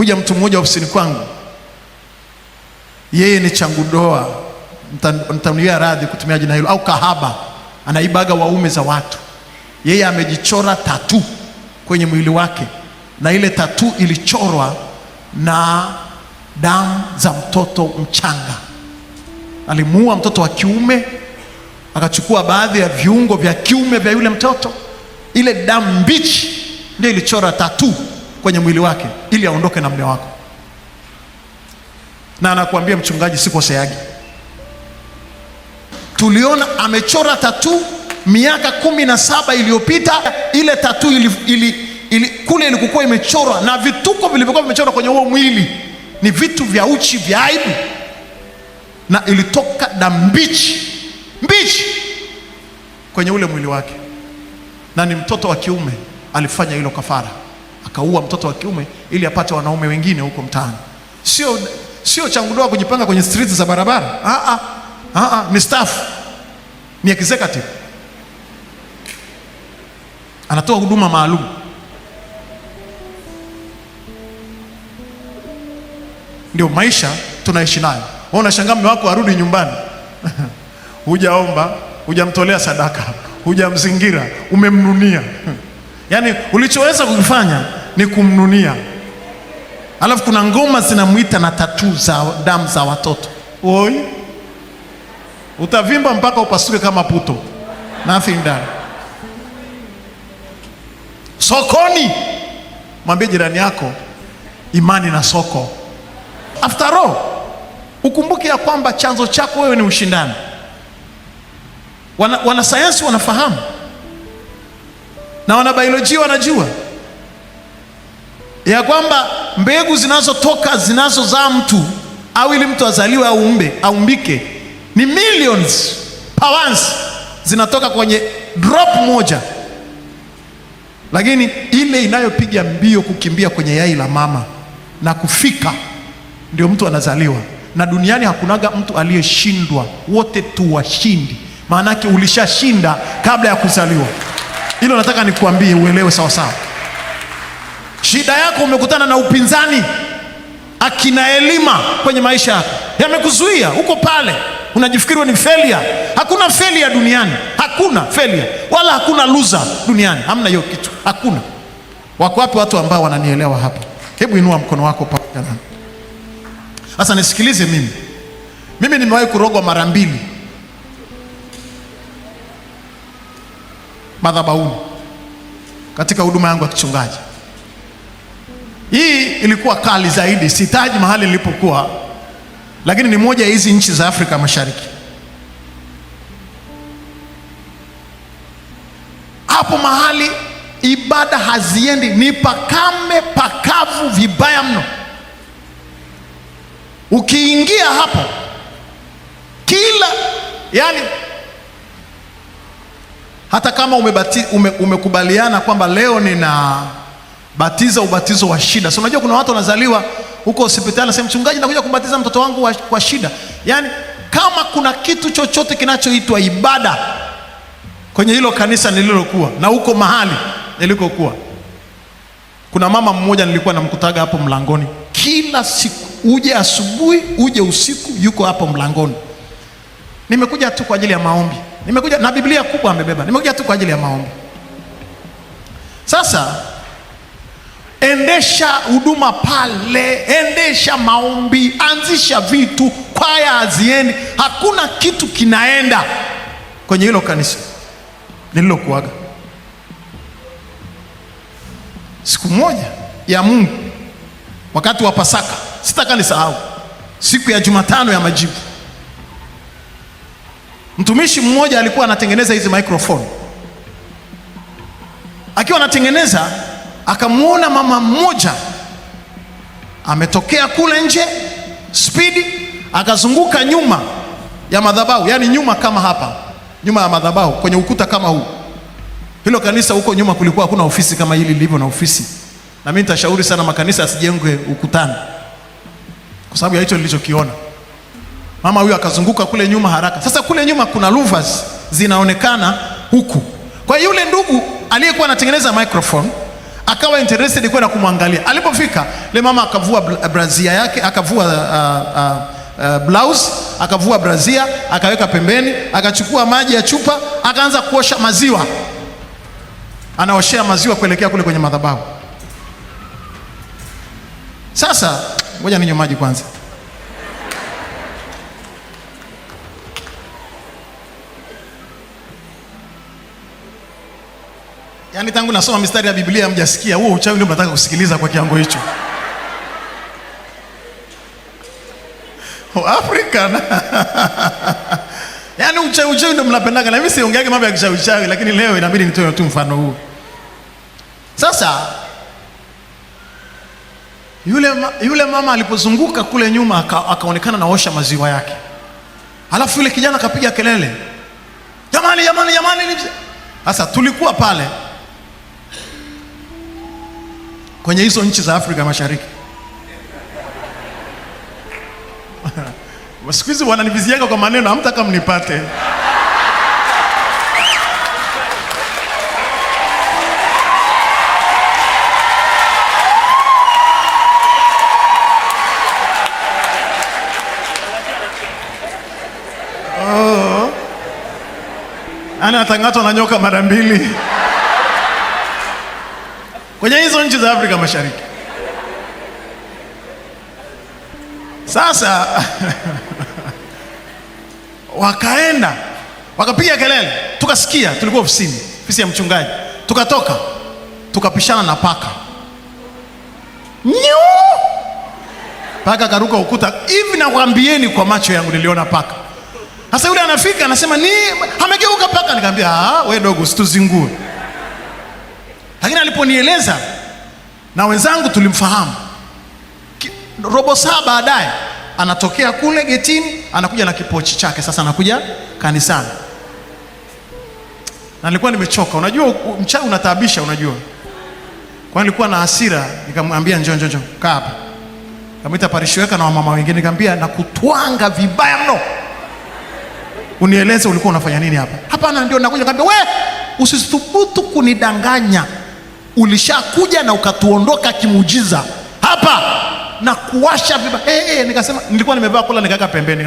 kuja mtu mmoja ofisini kwangu, yeye ni changudoa, nitanuia radhi kutumia jina hilo, au kahaba, anaibaga waume za watu. Yeye amejichora tatu kwenye mwili wake, na ile tatu ilichorwa na damu za mtoto mchanga. Alimuua mtoto wa kiume, akachukua baadhi ya viungo vya kiume vya yule mtoto. Ile damu mbichi ndio ilichora tatu kwenye mwili wake ili aondoke na mme wako, na anakuambia mchungaji, sikoseagi. Tuliona amechora tatu miaka kumi na saba iliyopita. Ile tatu ili, ili, ili, kule ilikuwa imechorwa na vituko vilivyokuwa vimechorwa kwenye huo mwili ni vitu vya uchi vya aibu, na ilitoka damu mbichi mbichi kwenye ule mwili wake, na ni mtoto wa kiume alifanya hilo kafara akaua mtoto wa kiume ili apate wanaume wengine huko mtaani. Sio, sio changudoa kujipanga kwenye streets za barabara. Ah, ah, ah, ni staff, ni executive, anatoa huduma maalum. Ndio maisha tunaishi nayo. Wewe unashangaa mume wako arudi nyumbani hujaomba, hujamtolea sadaka, hujamzingira, umemnunia Yaani ulichoweza kukifanya ni kumnunia, alafu kuna ngoma zinamwita na tatuu za damu za watoto. Oi, utavimba mpaka upasuke kama puto. Nothing done. Sokoni, mwambie jirani yako imani na soko. After all, ukumbuke ya kwamba chanzo chako wewe ni ushindani. Wanasayansi wanafahamu na wanabiolojia wanajua ya kwamba mbegu zinazotoka zinazozaa mtu au ili mtu azaliwe au umbe aumbike ni millions pounds zinatoka kwenye drop moja, lakini ile inayopiga mbio kukimbia kwenye yai la mama na kufika ndio mtu anazaliwa. Na duniani hakunaga mtu aliyeshindwa, wote tu washindi. Maanake ulishashinda kabla ya kuzaliwa. Hilo nataka nikuambie uelewe sawa sawa. Shida yako umekutana na upinzani, akina Elima kwenye maisha yako yamekuzuia uko pale, unajifikiri ni failure. Hakuna failure duniani, hakuna failure wala hakuna loser duniani, hamna hiyo kitu, hakuna. Wako wapi watu ambao wananielewa hapa? Hebu inua mkono wako pamoja nami sasa, nisikilize mimi. Mimi nimewahi kurogwa mara mbili. madhabahuni katika huduma yangu ya kichungaji. Hii ilikuwa kali zaidi, sitaji mahali nilipokuwa, lakini ni moja ya hizi nchi za Afrika Mashariki. Hapo mahali ibada haziendi, ni pakame pakavu vibaya mno. Ukiingia hapo kila yani hata kama umebati, ume, umekubaliana kwamba leo ninabatiza ubatizo wa shida. So unajua kuna watu wanazaliwa huko hospitali nasema, mchungaji, nakuja kumbatiza mtoto wangu wa, kwa shida. Yaani kama kuna kitu chochote kinachoitwa ibada kwenye hilo kanisa nililokuwa na huko mahali nilikokuwa, kuna mama mmoja nilikuwa namkutaga hapo mlangoni kila siku, uje asubuhi, uje usiku, yuko hapo mlangoni nimekuja tu kwa ajili ya maombi, nimekuja na Biblia kubwa amebeba, nimekuja tu kwa ajili ya maombi. Sasa endesha huduma pale, endesha maombi, anzisha vitu, kwaya haziendi, hakuna kitu kinaenda kwenye hilo kanisa nililokuaga. Siku moja ya Mungu, wakati wa Pasaka, sitaka nisahau, siku ya Jumatano ya majivu Mtumishi mmoja alikuwa anatengeneza hizi microphone. Akiwa anatengeneza akamwona mama mmoja ametokea kule nje spidi, akazunguka nyuma ya madhabahu, yaani nyuma kama hapa, nyuma ya madhabahu kwenye ukuta kama huu. Hilo kanisa huko nyuma kulikuwa hakuna ofisi kama hili lilivyo na ofisi, na mimi nitashauri sana makanisa asijengwe ukutani kwa sababu ya hicho nilichokiona. Mama huyu akazunguka kule nyuma haraka. Sasa kule nyuma kuna louvers zinaonekana huku. Kwa yule ndugu aliyekuwa anatengeneza microphone akawa interested kwenda kumwangalia. Alipofika le mama akavua brazia yake, akavua uh, uh, uh, blouse, akavua brazia akaweka pembeni, akachukua maji ya chupa akaanza kuosha maziwa, anaoshea maziwa kuelekea kule kwenye madhabahu. Sasa ngoja ninywe maji kwanza. Yaani tangu nasoma mistari ya Biblia mjasikia huo uchawi ndio mnataka kusikiliza kwa kiango hicho. Oh, Afrika Yaani uchawi uchawi ndio mnapendaga na mimi siongeage mambo ya kichawi chawi lakini leo inabidi nitoe tu mfano huu. Sasa yule, ma, yule mama alipozunguka kule nyuma aka, akaonekana naosha maziwa yake. Alafu yule kijana akapiga kelele. Jamani, jamani, jamani. Sasa tulikuwa pale kwenye hizo nchi za Afrika Mashariki. Siku hizi wananiviziaga kwa maneno, hamtaka mnipate. Oh. Ana atang'atwa na nyoka mara mbili nchi za Afrika Mashariki. Sasa wakaenda wakapiga kelele, tukasikia. Tulikuwa ofisini, ofisi ya mchungaji, tukatoka tukapishana na paka nyu, paka karuka ukuta hivi. Nakwambieni, kwa macho yangu niliona paka. Sasa yule anafika anasema ni amegeuka paka, nikamwambia ah, wewe dogo, situzingue. Lakini aliponieleza na wenzangu tulimfahamu robo saa baadaye anatokea kule getini, anakuja na kipochi chake. Sasa anakuja kanisani na nilikuwa nimechoka, unajua mchana unataabisha, unajua. Kwa nilikuwa na hasira, nikamwambia njoo, njoo, njoo, kaa hapa. Kamwita parishweka na wamama wengine, nikamwambia nakutwanga vibaya mno, unieleze ulikuwa unafanya nini hapa. Hapana, ndio nakuja. Kaambia we usithubutu kunidanganya ulishakuja na ukatuondoka kimujiza hapa na kuwasha viba. Hey, eh, eh, hey, eh, nikasema nilikuwa nimevaa kola nikaweka pembeni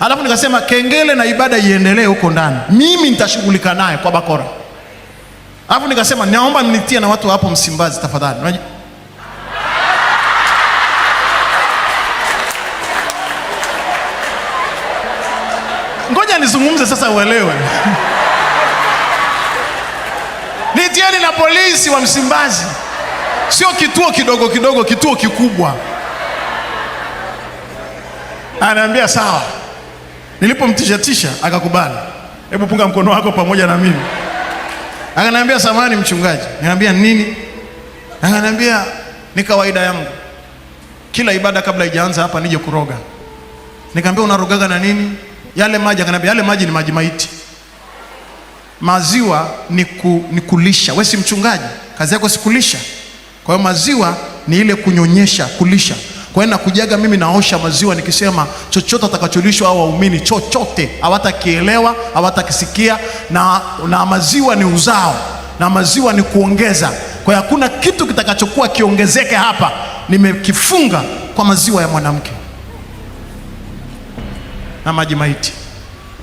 alafu nikasema kengele na ibada iendelee huko ndani, mimi nitashughulika naye kwa bakora. Alafu nikasema naomba mnitie na watu hapo Msimbazi tafadhali, Ngoja nizungumze sasa, uelewe Nitieni na polisi wa Msimbazi, sio kituo kidogo kidogo, kituo kikubwa. Anaambia sawa. Nilipomtisha tisha akakubali, hebu punga mkono wako pamoja na mimi. Akaniambia samani mchungaji, niambia nini? Akaniambia ni kawaida yangu kila ibada kabla haijaanza hapa nije kuroga. Nikamwambia unarogaga na nini? Yale maji? Akaniambia yale maji ni maji maiti maziwa ni, ku, ni kulisha. Wewe si mchungaji, kazi yako si kulisha. Kwa hiyo maziwa ni ile kunyonyesha, kulisha. Kwa hiyo nakujaga mimi naosha maziwa nikisema chochote atakacholishwa au waumini chochote hawatakielewa hawatakisikia, na, na maziwa ni uzao na maziwa ni kuongeza. Kwa hiyo hakuna kitu kitakachokuwa kiongezeke hapa, nimekifunga kwa maziwa ya mwanamke na maji maiti.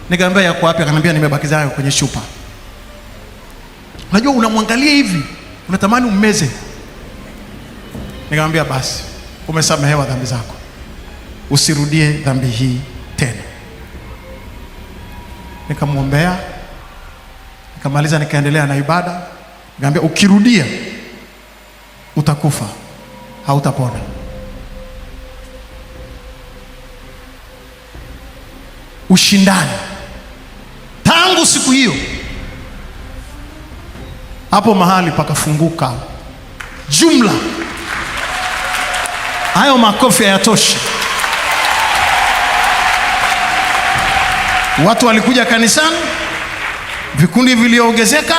Nikaambia yako wapi? Akaniambia nimebakiza hayo kwenye chupa. Unajua unamwangalia hivi unatamani ummeze. Nikamwambia basi, umesamehewa dhambi zako, usirudie dhambi hii tena. Nikamwombea, nikamaliza, nikaendelea na ibada. Nikamwambia ukirudia utakufa, hautapona. Ushindani tangu siku hiyo hapo mahali pakafunguka jumla. Hayo makofi hayatoshi. Watu walikuja kanisani, vikundi viliongezeka,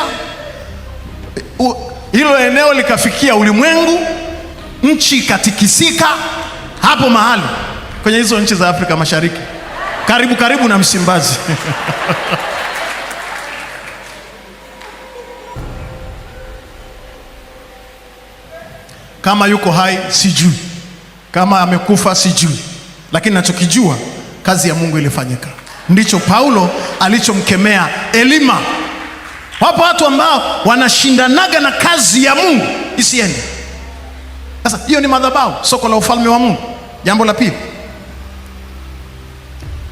hilo eneo likafikia ulimwengu, nchi ikatikisika. Hapo mahali kwenye hizo nchi za Afrika Mashariki, karibu karibu na Msimbazi Kama yuko hai sijui, kama amekufa sijui, lakini nachokijua kazi ya Mungu ilifanyika. Ndicho Paulo alichomkemea Elima. Wapo watu ambao wanashindanaga na kazi ya Mungu isiende. Sasa hiyo ni madhabahu, soko la ufalme wa Mungu. Jambo la pili,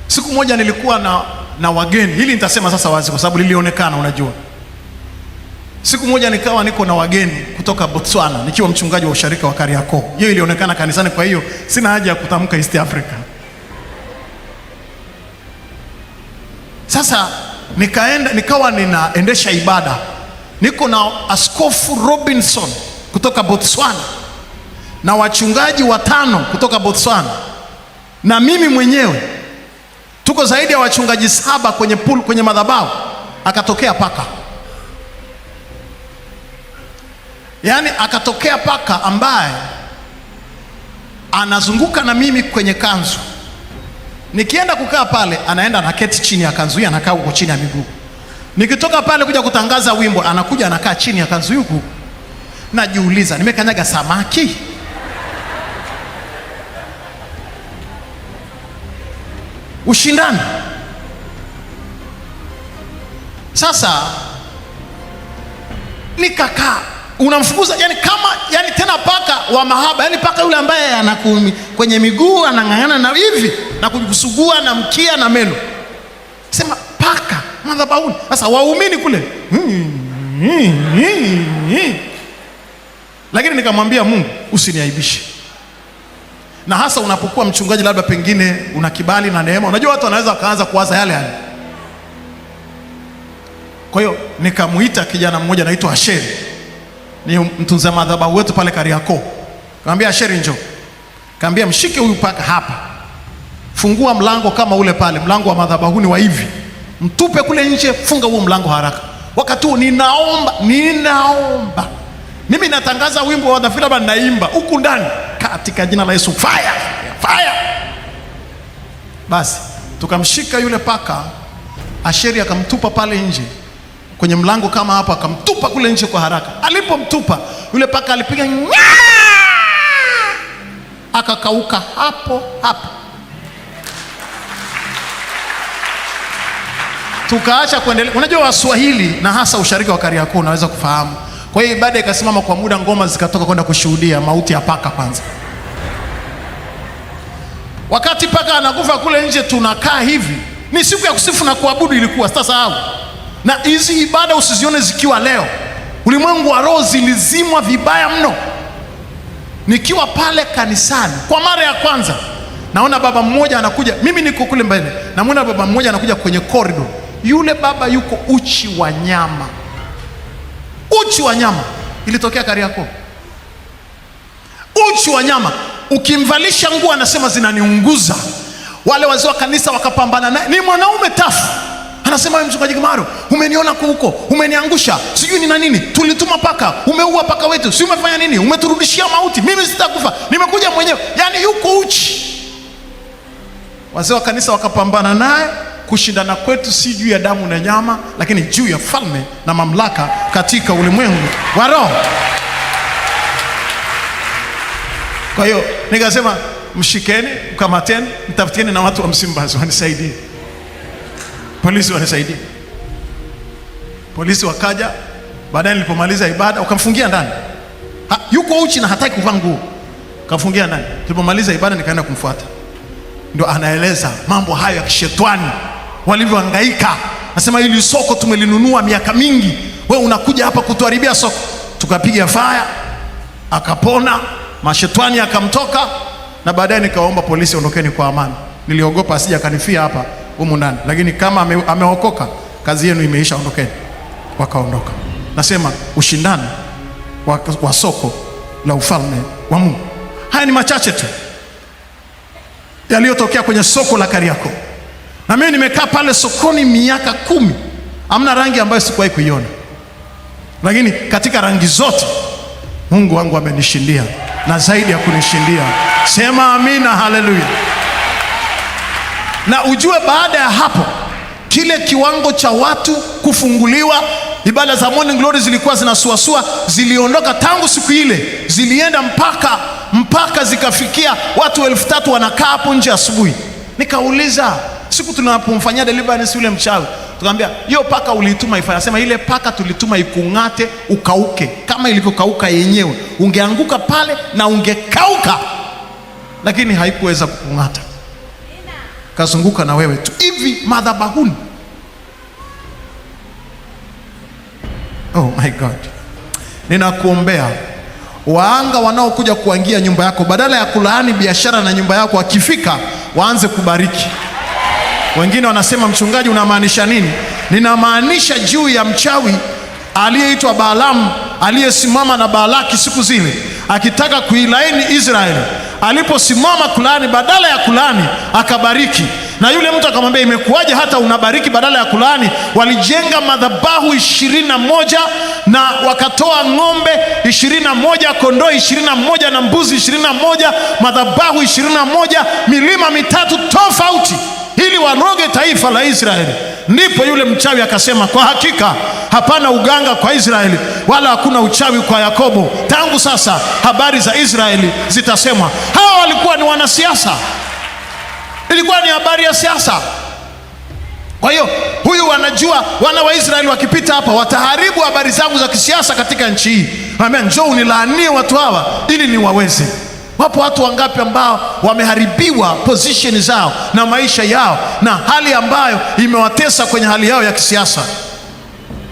siku moja nilikuwa na, na wageni. Hili nitasema sasa wazi, kwa sababu lilionekana, unajua Siku moja nikawa niko na wageni kutoka Botswana nikiwa mchungaji wa usharika wa Kariakoo. Hiyo ilionekana kanisani, kwa hiyo sina haja ya kutamka East Africa. Sasa nikaenda, nikawa ninaendesha ibada, niko na Askofu Robinson kutoka Botswana na wachungaji watano kutoka Botswana na mimi mwenyewe, tuko zaidi ya wachungaji saba kwenye pool, kwenye madhabahu, akatokea paka Yaani akatokea paka ambaye anazunguka na mimi kwenye kanzu, nikienda kukaa pale anaenda anaketi chini ya kanzu hii, anakaa huko chini ya miguu. Nikitoka pale kuja kutangaza wimbo, anakuja anakaa chini ya kanzu huku. Najiuliza, nimekanyaga samaki? Ushindani sasa, nikakaa unamfukuza yani, kama yani tena paka wa mahaba, yani paka yule ambaye anakumi kwenye miguu anang'ang'ana na hivi na kujikusugua na mkia na meno, sema paka madhabahuni. Sasa waumini kule hmm, hmm, hmm. Lakini nikamwambia Mungu, usiniaibishe na hasa unapokuwa mchungaji, labda pengine una kibali na neema. Unajua watu wanaweza wakaanza kuwaza yale yale. Kwa hiyo nikamwita kijana mmoja anaitwa Asheri ni mtunza madhabahu wetu pale Kariakoo, kaambia sheri njoo. Kaambia mshike huyu paka hapa, fungua mlango kama ule pale, mlango wa madhabahuni wa hivi, mtupe kule nje, funga huo mlango haraka. Wakati huo ninaomba, ninaomba mimi natangaza wimbo wa David, naimba huku ndani, katika jina la Yesu fire, fire. Basi tukamshika yule paka, Asheri akamtupa pale nje kwenye mlango kama hapo, akamtupa kule nje kwa haraka. Alipomtupa yule paka alipiga akakauka hapo hapo. Tukaacha kuendelea. Unajua Waswahili na hasa ushariki wa Kariakoo unaweza kufahamu. Kwa hiyo ibada ikasimama kwa muda, ngoma zikatoka kwenda kushuhudia mauti ya paka kwanza. Wakati paka anakufa kule nje, tunakaa hivi. Ni siku ya kusifu na kuabudu ilikuwa sasa hao na hizi ibada usizione zikiwa leo. Ulimwengu wa roho zilizimwa vibaya mno. Nikiwa pale kanisani kwa mara ya kwanza, naona baba mmoja anakuja, mimi niko kule mbele, namwona baba mmoja anakuja kwenye korido. Yule baba yuko uchi wa nyama, uchi wa nyama. Ilitokea Kariakoo, uchi wa nyama. Ukimvalisha nguo anasema zinaniunguza. Wale wazee wa kanisa wakapambana naye, ni mwanaume tafu Anasema wewe mchungaji Kimaro, umeniona huko, umeniangusha, sijui nina nini, tulituma paka, umeua paka wetu, si umefanya nini, umeturudishia mauti, mimi sitakufa, nimekuja mwenyewe. Yaani yuko uchi. Wazee wa kanisa wakapambana naye. Kushindana kwetu si juu ya damu na nyama, lakini juu ya falme na mamlaka katika ulimwengu wa roho. Kwa hiyo nikasema mshikeni, mkamateni, mtafutieni na watu wa Msimbazi wanisaidie. Polisi wanisaidia, polisi wakaja baadaye. Nilipomaliza ibada wakamfungia ndani ha, yuko uchi na hataki kuvaa nguo, kamfungia ndani. Tulipomaliza ibada nikaenda kumfuata, ndio anaeleza mambo hayo ya kishetwani walivyohangaika. Nasema hili soko tumelinunua miaka mingi, we unakuja hapa kutuharibia soko. Tukapiga faya, akapona, mashetwani akamtoka, na baadaye nikaomba polisi ondokeni kwa amani. Niliogopa asija kanifia hapa humu ndani, lakini kama ame, ameokoka kazi yenu imeisha, ondokeni. Wakaondoka. Nasema ushindani wa, wa soko la ufalme wa Mungu. Haya ni machache tu yaliyotokea kwenye soko la Kariakoo, na mimi nimekaa pale sokoni miaka kumi, amna rangi ambayo sikuwahi kuiona, lakini katika rangi zote Mungu wangu amenishindia na zaidi ya kunishindia. Sema amina, haleluya na ujue baada ya hapo kile kiwango cha watu kufunguliwa, ibada za morning glory zilikuwa zinasuasua, ziliondoka tangu siku ile, zilienda mpaka mpaka zikafikia watu elfu tatu wanakaa hapo nje asubuhi. Nikauliza siku tunapomfanyia deliverance yule mchawi, tukamwambia hiyo paka uliituma ifanye. Anasema ile paka tulituma ikung'ate ukauke, kama ilivyokauka yenyewe, ungeanguka pale na ungekauka, lakini haikuweza kukung'ata kazunguka na wewe tu hivi madhabahuni. Oh my God, ninakuombea waanga wanaokuja kuangia nyumba yako, badala ya kulaani biashara na nyumba yako, wakifika waanze kubariki. Wengine wanasema mchungaji, unamaanisha nini? Ninamaanisha juu ya mchawi aliyeitwa Balaamu aliyesimama na Balaki siku zile akitaka kuilaini Israeli aliposimama kulaani, badala ya kulaani akabariki. Na yule mtu akamwambia, imekuwaje hata unabariki badala ya kulaani? Walijenga madhabahu ishirini na moja na wakatoa ng'ombe ishirini na moja kondoo ishirini na moja na mbuzi ishirini na moja madhabahu ishirini na moja milima mitatu tofauti, ili waroge taifa la Israeli. Ndipo yule mchawi akasema, kwa hakika hapana uganga kwa Israeli wala hakuna uchawi kwa Yakobo. Tangu sasa habari za Israeli zitasemwa. Hawa walikuwa ni wanasiasa, ilikuwa ni habari ya siasa. Kwa hiyo huyu wanajua, wana wa Israeli wakipita hapa wataharibu habari zangu za kisiasa katika nchi hii. Amen, njoo unilaanie watu hawa ili niwaweze Wapo watu wangapi ambao wameharibiwa position zao na maisha yao na hali ambayo imewatesa kwenye hali yao ya kisiasa.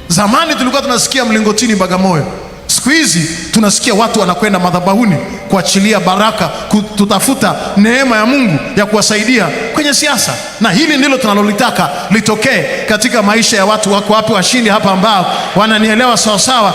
Zamani tulikuwa tunasikia mlingotini Bagamoyo, siku hizi tunasikia watu wanakwenda madhabahuni kuachilia baraka, kutafuta neema ya Mungu ya kuwasaidia kwenye siasa, na hili ndilo tunalolitaka litokee katika maisha ya watu. Wako wapi washindi hapa ambao wananielewa sawasawa?